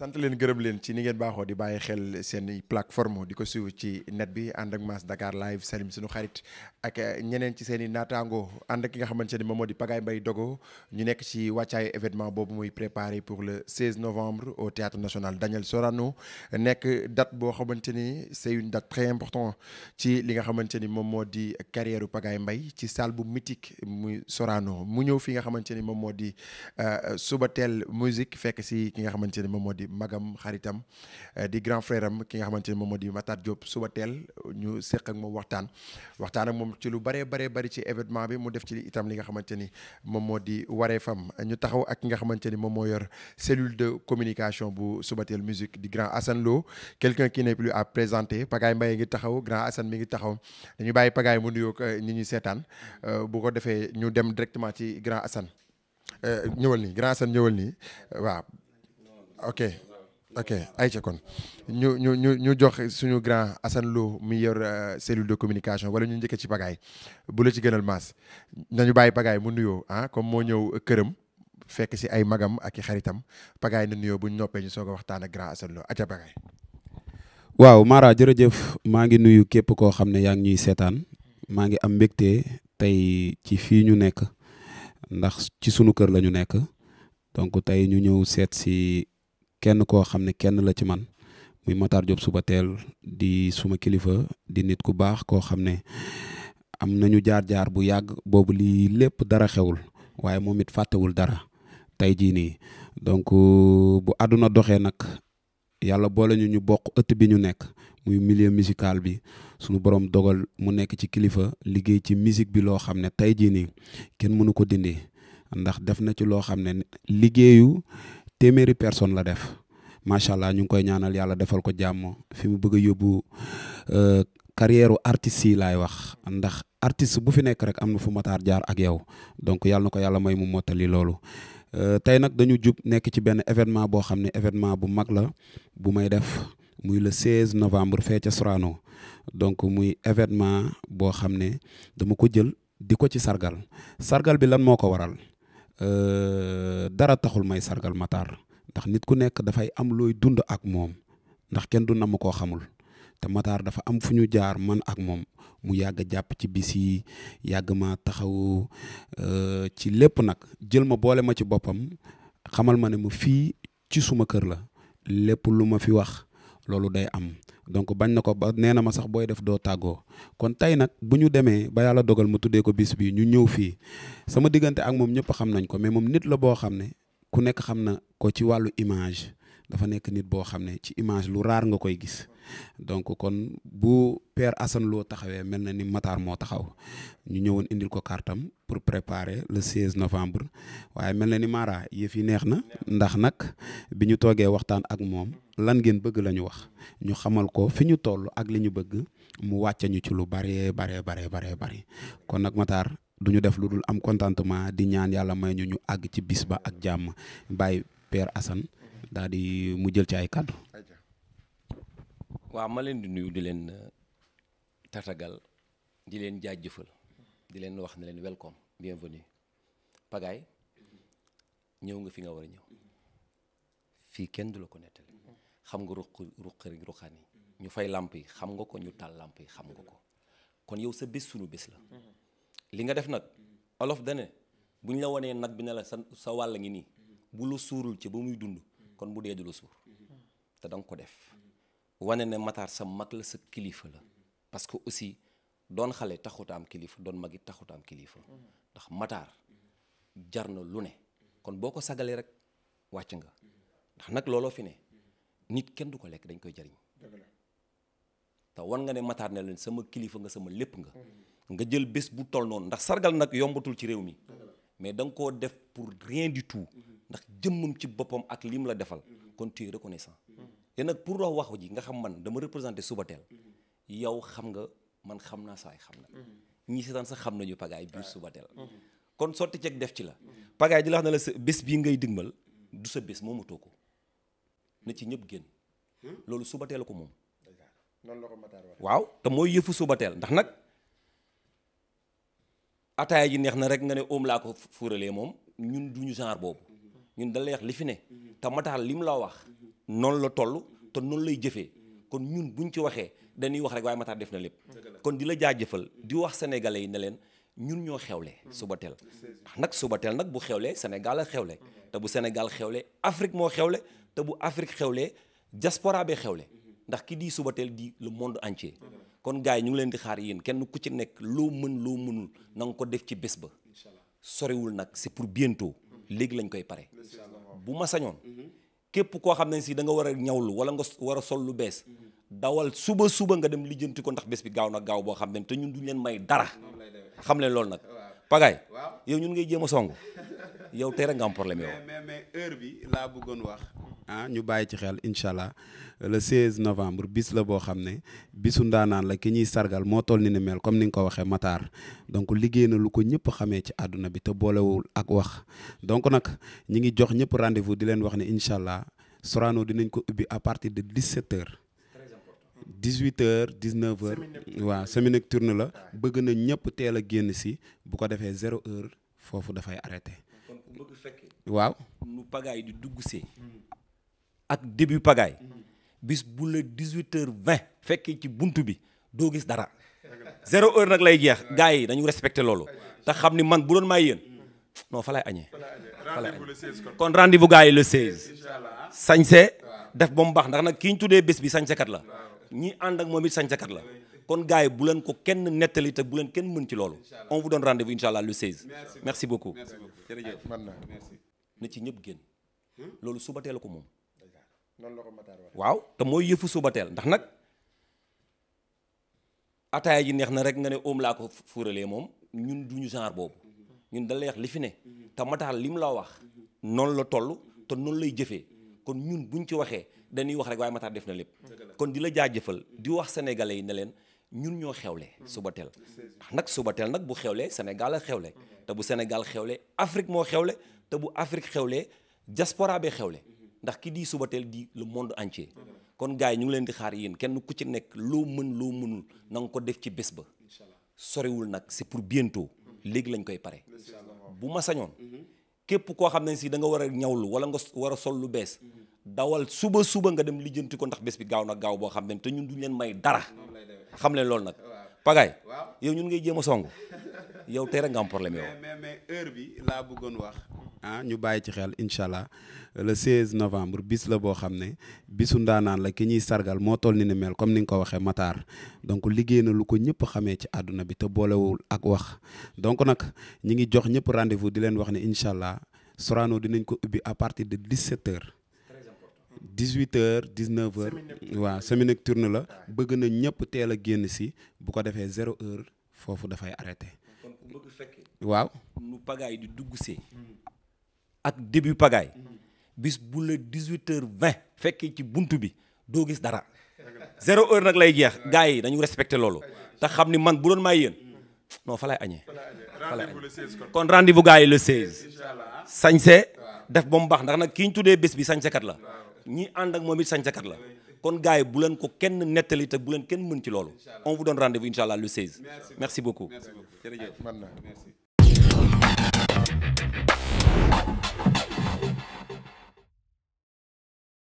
sant leen gërëb leen ci ni ngeen baaxoo di bàyyi xel seen plateforme di ko suivre ci net bi ànd ak Mass Dakar live Salim suñu xarit ak ñeneen ci seen i naataango ànd ak ki nga xamante ni moom moo di Pagaye Mbaye Dogo ñu nekk ci wàccaayu événement boobu muy préparé pour le 16 novembre au théâtre national Daniel Sorano nekk date boo xamante ni c'est une date très ci li nga xamante ni moom moo di carrière Pagaye Mbaye ci salle bu mythique muy Sorano mu ñëw fi nga xamante ni moom moo di euh, suba teel musique fekk si ki nga xamante ni moom moo di magam xaritam euh, di grand frère am ki nga xamante ne moom moo di Matar Diop suba teel ñu seq ak moom waxtaan waxtaan moom ci lu baree baree bari ci événement bi mu def ci itam li nga xamante ni moom moo di waree fam ñu taxaw ak ki nga xamante ni moom moo yor cellule de communication bu Subatel musique di grand Assane Lo quelqu'un qui n'est plus à présenter Pagaye Mbaye ngi taxaw grand Assane mi ngi taxaw dañu bàyyi Pagaye mu nuyoo nit euh, ñu seetaan euh, bu ko defee ñu dem directement ci grand Assane ñëwal nii grand ñëwal nii waaw ok ok ay kon ñu ñu ñu ñu jox suñu grand Assane Lo mi euh, cellule de communication wala ñu njëkkee ci pagaay bu la ci gënal maas nañu bàyyi pagaay mu nuyoo ah comme moo ñëw këram fekk si ay magam ak i xaritam pagaay na nuyoo bu ñu noppee ñu soog a waxtaan ak grand Assane Lo aca pagaay waaw Mara jërëjëf maa ngi nuyu képp koo xam ne yaa ngi ñuy seetaan maa ngi am mbégte tey ci fii ñu nekk ndax ci sunu kër lañu nekk donc tey ñu ñëw seet si kenn koo xam ne kenn la ci man muy Matar Diop suba teel di suma kilifa di nit ku baax koo xam ne am nañu jaar-jaar bu yàgg boobu lii lépp dara xewul waaye moom it fàttewul dara tey jii nii donc euh, bu àdduna doxee nag yàlla boole ñu ñu bokk ëtt bi ñu nekk muy milieu musical bi suñu borom dogal mu nekk ci kilifa liggéey ci musique bi loo xam ne tey jii nii kenn mënu ko dindi ndax def na ci loo xam ne liggéeyu téeméeri personne la def macha allah ñu ngi koy ñaanal yàlla defal ko jàmm fi mu bëgg a yóbbu euh, carrière artiste yi laay wax ndax artiste bu fi nekk rek am na fu Matar jaar ak yow donc yàlla na ko yàlla may mu mottali loolu. Euh, tey nag dañu jub nekk ci benn événement boo xam ne événement bu mag la bu may def muy le 16 novembre fee ca Sorano donc muy événement boo xam ne dama ko jël di ko ci sargal sargal bi lan moo ko waral. Euh, dara taxul may sargal Matar ndax nit ku nekk dafay am looy dund ak moom ndax kenn du namm koo xamul te Matar dafa am fu ñu jaar man ak moom mu yàgg jàpp ci bis yi yàgg ma taxaw euh, ci lépp nag jël ma boole ma ci boppam xamal ma ne mu fii ci suma kër la lépp lu ma fi wax loolu day am donc bañ na ko ba nee na ma sax booy def doo tàggoo kon tey nag bu ñu demee ba yàlla dogal ma tuddee ko bis bi ñu ñëw fii sama diggante ak moom ñëpp xam nañ ko mais moom nit la boo xam ne ku nekk xam na ko ci wàllu image dafa nekk nit boo xam ne ci image lu raar nga koy gis donc kon bu per Assane loo taxawee mel na ni Matar moo taxaw ñu ñëwoon indil ko kartam pour préparer le 16 novembre waaye mel na ni Mara yëf yi neex na ndax nag bi ñu toogee waxtaan ak moom lan ngeen bëgg lañu wax ñu xamal ko fi ñu toll ak li ñu bëgg mu wàcce ñu ci lu bare bare bare bare bare kon nag mataar du ñu def lu dul am contentement di ñaan yàlla may ñu ñu àgg ci bis ba ak jàmm bay Père Assane daal di mu jël ci ay kàddu. waaw ma leen di nuyu di leen uh, tatagal di leen jaajëfal di leen wax ne leen welcome bienvenue pagaay ñëw nga fi nga war a ñëw fii kenn du la ko nettali xam nga ruq ñu fay làmp yi xam nga ko ñu taal làmp yi xam nga ko kon yow sa bés sunu bés la li nga def nag olof dane bu ñu la wanee nag bi na la sa sa wàll ngi nii bu la suurul ci ba muy dund kon bu dee du la suur te danga ko def wane ne Matar sa mag la sa kilifa la parce que aussi doon xale taxut am kilifa doon magi taxut am kilifa ndax Matar jar na lu ne kon boo ko sagalee rek wàcc nga ndax nag looloo fi ne nit kenn du ko lekk dañ koy jariñ te wan nga ne mataar ne leen sama kilifa nga sama lépp nga nga jël bés bu toll noonu ndax sargal nag yombatul ci réew mi mais danga koo def pour rien du tout ndax jëmmam ci boppam ak lim la defal kon tu es reconnaissant te nag pour wax waxu ji nga xam man dama représenté suba teel yow xam nga man xam naa saay xam na ñii seetaan sax xam nañu pagaay biir suba teel kon sotti ceeg def ci la pagaay di la wax ne la sa bés bii ngay digmal du sa bés moomatoo ko na ci ñëpp génn loolu suba teel ko moom. noonu la ko Matar waaw te mooy yëfu suba teel ndax nag ataaya ji neex na rek nga ne oom laa ko fuuralee moom ñun duñu genre boobu ñun da lay wax li fi ne te Matar li mu la wax noonu la toll te noonu lay jëfee kon ñun buñ ci waxee dañuy wax rek waaye Matar def na lépp kon di la jaajëfal di wax sénégalais yi ne leen. ñun ñoo xewle Subatel ndax nag Subatel nag bu xewlee Sénégal a xewle te bu Sénégal xewle Afrique moo xewle te bu Afrique xewle diaspora bee xewle ndax ki di Subatel di lu monde entier kon gars yi ñu ngi leen di xaar yéen kenn ku ci nekk loo mën loo mënul na ko def ci bés ba sorewul nag si pour bientôt léegi lañ koy pare bu ma sañoon mhm. képp koo xam ne si danga war a ñawlu wala nga war a sol lu bees mhm. dawal suba suba nga dem lijjanti ko ndax bés bi gaaw na gaaw boo xam ne te ñun duñ leen may dara xam leen loolu nag. pagaay yow ñun ngay jéem a song yow tey rek nga problème yow. mais mais bi laa bëggoon wax. ah ñu bàyyi ci xel incha allah le 16 novembre bis la boo xam ne bisu ndaanaan la ki ñuy sargal moo toll ni ne mel comme ni nga ko waxee Matar donc liggéey na lu ko ñëpp xamee ci àdduna bi te boolewul ak wax donc nag ñi ngi jox ñëpp rendez-vous di leen wax ne incha allah Sorano dinañ ko ubbi à partir de 17 heures. dix-huit heures dix-neuf heures waaw semi nocturne la bëgg na ñëpp teel a génn si bu ko defee zéro heure foofu dafay arrêté waaw nu pagaay di dugg see ak début pagaay mm. bis bu la dix-huit heures vingt fekkee ci bunt bi doo gis dara zéro heure nag lay jeex gars yi dañu respecté loolu te xam ni man bu doon may yéen mm. non fa lay añee fa lay añee kon rendez-vous gars yi le 16 sañse def ba mu baax ndax nag kiñ tuddee bés bi sañsekat la ñi ànd ak moom it sàncakat la kon gars yi bu leen ko kenn nettali te bu leen kenn mën ci loolu on vous donne rendez-vous incha allah le 16 merci beaucoup jërëjëf man ci ñëpp génn hmm? loolu suba teel ko moom noonu la ko Matar waaw te mooy yëfu suba teel ndax nag ataaya ji neex na rek nga ne oom laa ko fuuralee moom ñun duñu genre boobu ñun da leex li fi ne hmm. te Matar li mu la wax hmm. noonu la toll te noonu lay jëfee kon ñun buñ ci waxee dañuy wax rek waaye Matar def na lépp kon di la jaajëfal di wax sénégalais yi ne leen ñun ñoo xewle suba teel mm-hmm. nag suba teel nag bu xewlee Sénégal xewle mm-hmm. te bu Sénégal xewle Afrique moo xewle te bu Afrique xewlee diaspora bee xewle mm-hmm. ndax ki di suba teel di lu monde entier kon gars yi ñu ngi leen di xaar yéen kenn ku ci nekk loo mën loo mënul na ko def ci bés ba soriwul nag si pour bientôt léegi lañ koy pare bu ma sañoon képp koo xam ne si da nga war a ñawlu wala nga war a sol lu bees dawal suba suba nga dem lijjanti ko ndax bés bi gaaw na gaaw boo xam ne te ñun duñ leen may dara xam leen loolu nag pagaay yow ñun ngay jéem a song yow tey rek mais mais heure bi laa bëggoon wax. ah ñu bàyyi ci xel incha allah le 16 novembre bis la boo xam ne bisu ndaanaan la ki ñuy sargal moo toll ni ne mel comme ni nga ko waxee Matar donc liggéey na lu ko ñëpp xamee ci àdduna bi te boolewul ak wax donc nag ñi ngi jox ñëpp rendez-vous di leen wax ne incha allah Sorano dinañ ko ubbi à partir de 17 heures. dix-huit heures dix-neuf heures waaw semi nocturne la bëgg na ñëpp teel a génn si bu ko defee zéro heure foofu dafay arrêté kon ku bëgg fekkee waaw nu pagaay di dugg see ak début pagaay bis bu la dix-huit heures vingt fekkee ci bunt bi doo gis dara zéro heure nag lay jeex gars yi dañu respecté loolu te xam ni man bu doon may yéen non fa lay añee fa lay añee kon rendez-vous gars yi la 16 sañse def ba mu baax ndax nag ki ñu tuddee bés bi sañsekat la ñi ànd ak moom it sañsakat la kon gars yi bu leen ko kenn nettali te bu leen kenn mën ci loolu on vous donne rendez-vous incha allah le 16 merci beaucoup jërëjëf